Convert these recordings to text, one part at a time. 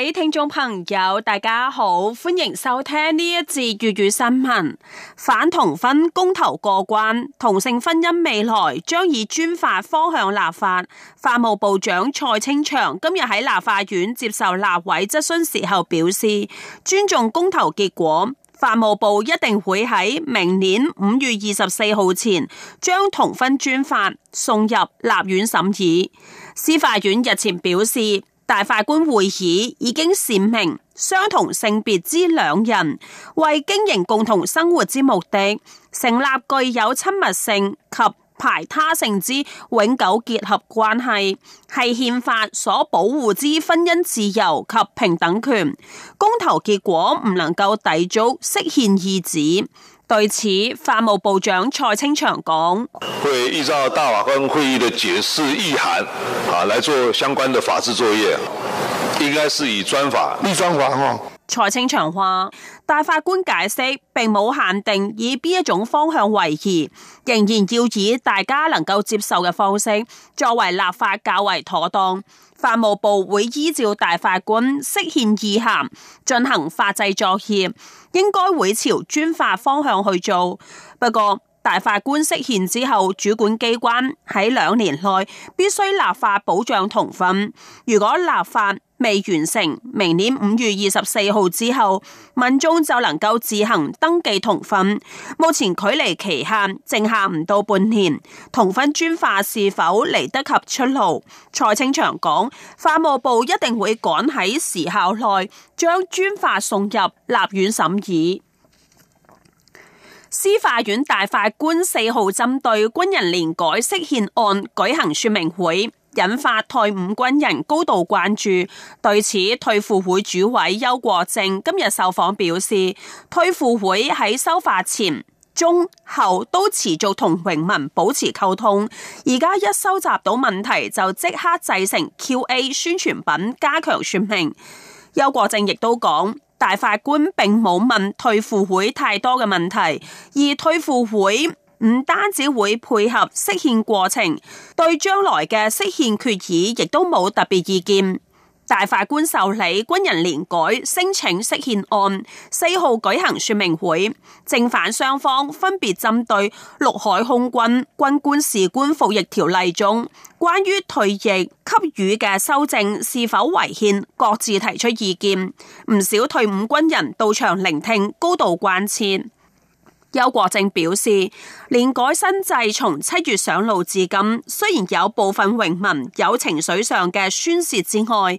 各位聽眾朋友，大家好，歡迎收聽呢一節粵語新聞。反同婚公投過關，同性婚姻未來將以專法方向立法。法務部長蔡清祥今日喺立法院接受立委質詢時候表示，尊重公投結果，法務部一定會喺明年五月二十四號前將同婚專法送入立院審議。司法院日前表示，大法官會議已經闡明，相同性別之兩人為經營共同生活之目的，成立具有親密性及排他性之永久結合關係，係憲法所保護之婚姻自由及平等權。公投結果唔能夠抵觸《釋憲意旨》。對此，法務部長蔡清祥講：會依照大法官會議嘅解釋意涵，啊，來做相關的法制作業，應該是以專法立法。法啊、蔡清祥話：大法官解釋並冇限定以邊一種方向為宜，仍然要以大家能夠接受嘅方式作為立法較為妥當。法務部會依照大法官釋憲意涵進行法制作業，應該會朝專法方向去做。不過，大法官釋憲之後，主管機關喺兩年內必須立法保障同婚，如果立法未完成，明年五月二十四號之後，民眾就能夠自行登記同婚。目前距離期限剩下唔到半年，同婚專法是否嚟得及出爐？蔡清祥講，法務部一定會趕喺時效內將專法送入立院審議。司法院大法官四號針對軍人年改釋憲案舉行說明會。引發退伍軍人高度關注，對此退輔會主委邱國正今日受訪表示，退輔會喺修法前、中、後都持續同榮民保持溝通，而家一收集到問題就即刻製成 Q&A 宣傳品加強說明。邱國正亦都講，大法官并冇問退輔會太多嘅問題，而退輔會。唔單止會配合釋憲過程，對將來嘅釋憲決議亦都冇特別意見。大法官受理軍人年改聲請釋憲案，四號舉行說明會，正反雙方分別針對《陸海空軍軍官士官服役條例》中關於退役給予嘅修正是否違憲，各自提出意見。唔少退伍軍人到場聆聽，高度關切。邱國正表示，連改新制從七月上路至今，雖然有部分榮民有情緒上嘅宣洩之外，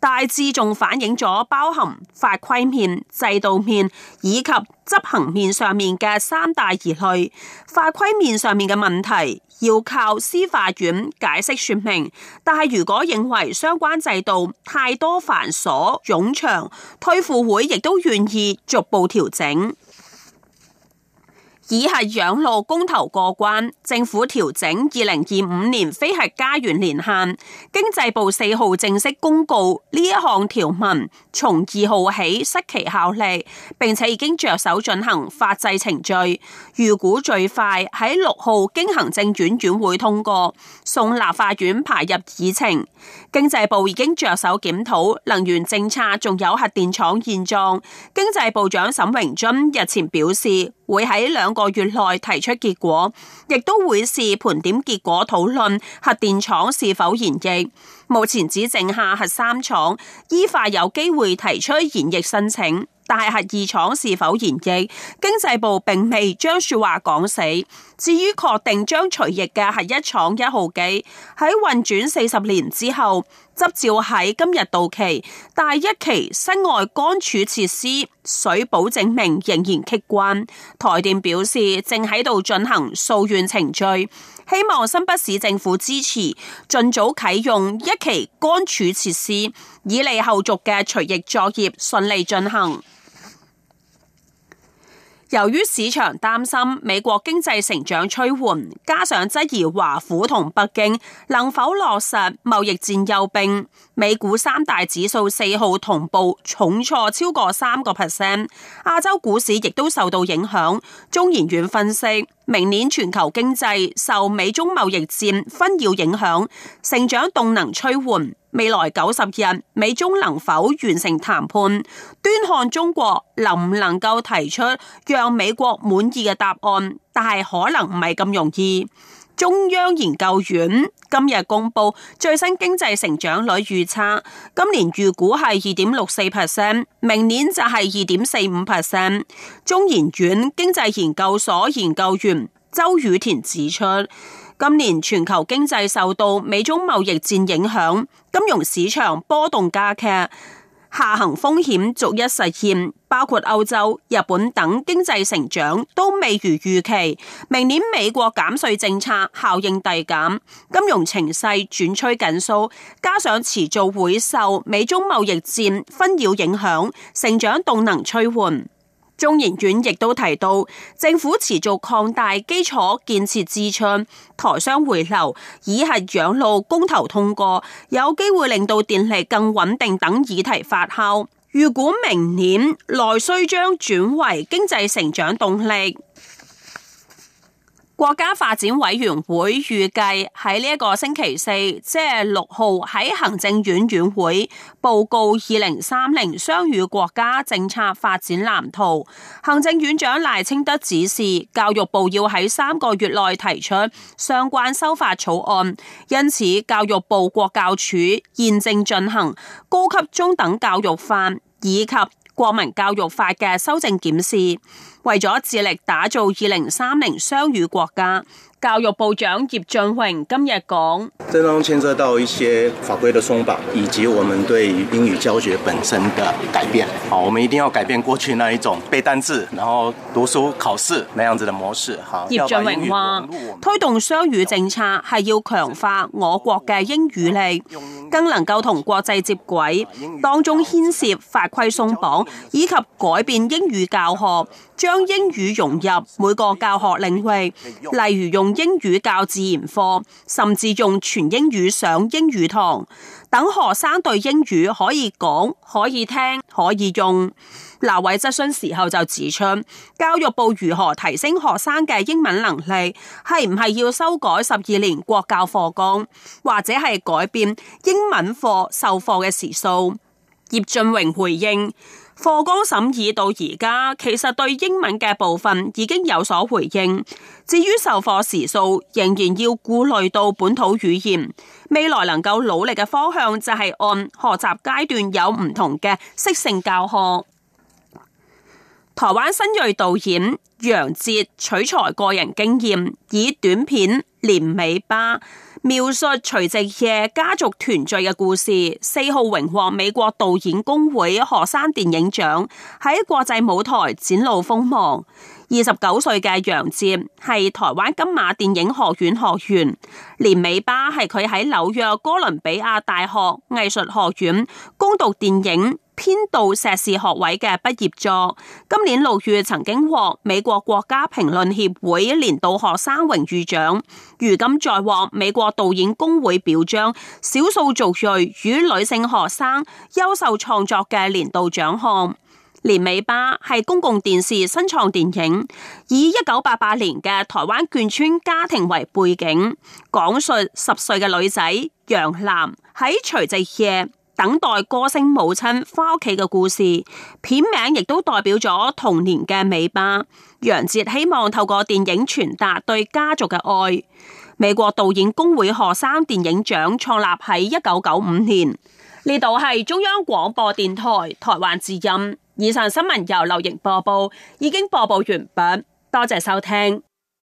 大致仲反映咗包含法規面、制度面以及執行面上面嘅三大疑慮。法規面上面嘅問題要靠司法院解釋說明，但係如果認為相關制度太多繁瑣、冗長，退輔會亦都願意逐步調整。已係養老公投過關，政府調整二零二五年非核家園年限。經濟部四號正式公告呢一項條文，從二號起失其效力，並且已經着手進行法制程序。預估最快喺六號經行政院院會通過，送立法院排入議程。經濟部已經着手檢討能源政策，仲有核電廠現狀。經濟部長沈榮津日前表示，會喺兩個月內提出結果，亦都會視盤點結果討論核電廠是否延役。目前只剩下核三廠，依法有機會提出延役申請，但係核二廠是否延役，經濟部並未將說話講死。至於確定將除役嘅係核一廠一號機，喺運轉四十年之後執照喺今日到期，但一期室外乾貯設施水保證明仍然闌關。台電表示正喺度進行訴願程序，希望新北市政府支持，儘早啟用一期乾貯設施，以利後續嘅除役作業順利進行。由於市場擔心美國經濟成長趨緩，加上質疑華府同北京能否落實貿易戰休兵，美股三大指數四號同步重挫超過三個 percent。亞洲股市亦都受到影響。中研院分析，明年全球經濟受美中貿易戰紛擾影響，成長動能趨緩。未來九十日，美中能否完成談判？端看中國能唔能夠提出讓美國滿意嘅答案，但係可能唔係咁容易。中央研究院今日公布最新經濟成長率預測，今年預估係二點六四 percent，明年就係二點四五 percent。中研院經濟研究所研究員周雨田指出。今年全球經濟受到美中貿易戰影響，金融市場波動加劇，下行風險逐一實現，包括歐洲、日本等經濟成長都未如預期。明年美國減稅政策效應遞減，金融情勢轉趨緊縮，加上持續會受美中貿易戰紛擾影響，成長動能趨緩。中研院亦都提到，政府持續擴大基礎建設支出、台商回流、以核養綠公投通過，有機會令到電力更穩定等議題發酵。預估明年內需將轉為經濟成長動力。國家發展委員會預計喺呢一個星期四，即係六號，喺行政院院會報告二零三零雙語國家政策發展藍圖。行政院長賴清德指示教育部要喺三個月內提出相關修法草案，因此教育部國教署現正進行高級中等教育法以及國民教育法嘅修正檢視。為咗致力打造二零三零雙語國家。教育部長葉俊榮今日講，正當中牽涉到一些法規的鬆綁，以及我們對於英語教學本身的改變。好，我們一定要改變過去那一種背單字，然後讀書考試那樣子的模式。好，葉俊榮話，推動雙語政策係要強化我國嘅英語力，更能夠同國際接軌。當中牽涉法規鬆綁，以及改變英語教學，將英語融入每個教學領域，例如用。英語教自然課，甚至用全英語上英語堂，等學生對英語可以講、可以聽、可以用。立委質詢時候就指出，教育部如何提升學生嘅英文能力，係唔係要修改十二年國教課綱，或者係改變英文課授課嘅時數？葉俊榮回應。課綱審議到而家，其實對英文嘅部分已經有所回應。至於授課時數，仍然要顧慮到本土語言。未來能夠努力嘅方向就係按學習階段有唔同嘅適性教學。台灣新銳導演楊婕取材個人經驗，以短片《年尾巴》。描述除夕夜家族團聚嘅故事，四號榮獲美國導演工會學生電影獎，喺國際舞台展露鋒芒。二十九歲嘅楊婕係台灣金馬電影學院學員，年尾巴係佢喺紐約哥倫比亞大學藝術學院攻讀電影。編導碩士學位嘅畢業作，今年六月曾經獲美國國家評論協會年度學生榮譽獎，如今再獲美國導演工會表彰少數族裔與女性學生優秀創作嘅年度獎項。年尾巴係公共電視新創電影，以一九八八年嘅台灣眷村家庭為背景，講述十歲嘅女仔楊楠喺除夕夜，等待歌星母親返屋企嘅故事，片名亦都代表咗童年嘅尾巴。楊婕希望透過電影傳達對家族嘅愛。美國導演工會學生電影獎創立喺一九九五年。呢度係中央廣播電台台灣之音。以上新聞由劉瑩播報，已經播報完畢。多謝收聽。